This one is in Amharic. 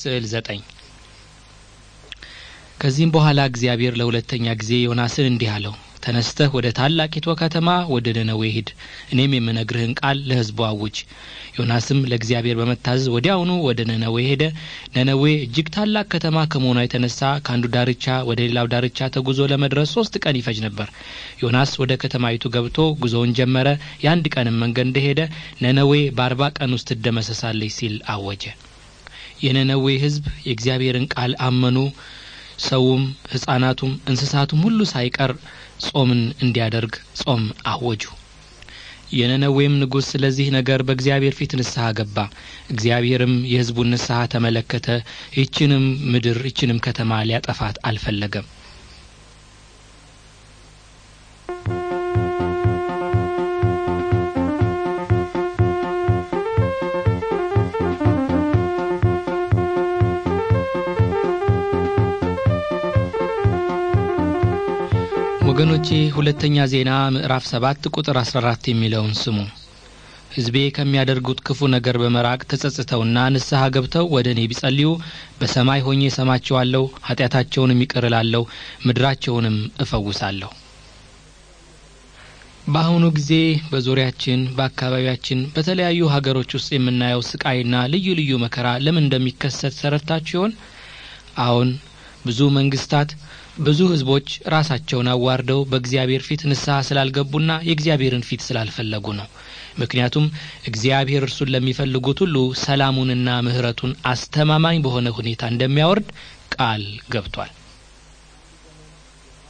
ስዕል ዘጠኝ ከዚህም በኋላ እግዚአብሔር ለሁለተኛ ጊዜ ዮናስን እንዲህ አለው፣ ተነስተህ ወደ ታላቂቱ ከተማ ወደ ነነዌ ሂድ፣ እኔም የምነግርህን ቃል ለሕዝቡ አውጅ። ዮናስም ለእግዚአብሔር በመታዘዝ ወዲያውኑ ወደ ነነዌ ሄደ። ነነዌ እጅግ ታላቅ ከተማ ከመሆኗ የተነሳ ከአንዱ ዳርቻ ወደ ሌላው ዳርቻ ተጉዞ ለመድረስ ሶስት ቀን ይፈጅ ነበር። ዮናስ ወደ ከተማይቱ ገብቶ ጉዞውን ጀመረ። የአንድ ቀንም መንገድ እንደሄደ ነነዌ በአርባ ቀን ውስጥ ትደመሰሳለች ሲል አወጀ። የነነዌ ሕዝብ የእግዚአብሔርን ቃል አመኑ። ሰውም ሕፃናቱም እንስሳቱም ሁሉ ሳይቀር ጾምን እንዲያደርግ ጾም አወጁ። የነነዌም ንጉሥ ስለዚህ ነገር በእግዚአብሔር ፊት ንስሐ ገባ። እግዚአብሔርም የሕዝቡን ንስሐ ተመለከተ። ይችንም ምድር ይችንም ከተማ ሊያጠፋት አልፈለገም። ወገኖቼ ሁለተኛ ዜና ምዕራፍ 7 ቁጥር 14 የሚለውን ስሙ። ሕዝቤ ከሚያደርጉት ክፉ ነገር በመራቅ ተጸጽተውና ንስሐ ገብተው ወደ እኔ ቢጸልዩ በሰማይ ሆኜ እሰማቸዋለሁ፣ ኃጢአታቸውንም ይቅር እላለሁ፣ ምድራቸውንም እፈውሳለሁ። በአሁኑ ጊዜ በዙሪያችን በአካባቢያችን በተለያዩ ሀገሮች ውስጥ የምናየው ስቃይና ልዩ ልዩ መከራ ለምን እንደሚከሰት ሰረታችሁ ይሆን? አሁን ብዙ መንግስታት፣ ብዙ ህዝቦች ራሳቸውን አዋርደው በእግዚአብሔር ፊት ንስሐ ስላልገቡና የእግዚአብሔርን ፊት ስላልፈለጉ ነው። ምክንያቱም እግዚአብሔር እርሱን ለሚፈልጉት ሁሉ ሰላሙንና ምህረቱን አስተማማኝ በሆነ ሁኔታ እንደሚያወርድ ቃል ገብቷል።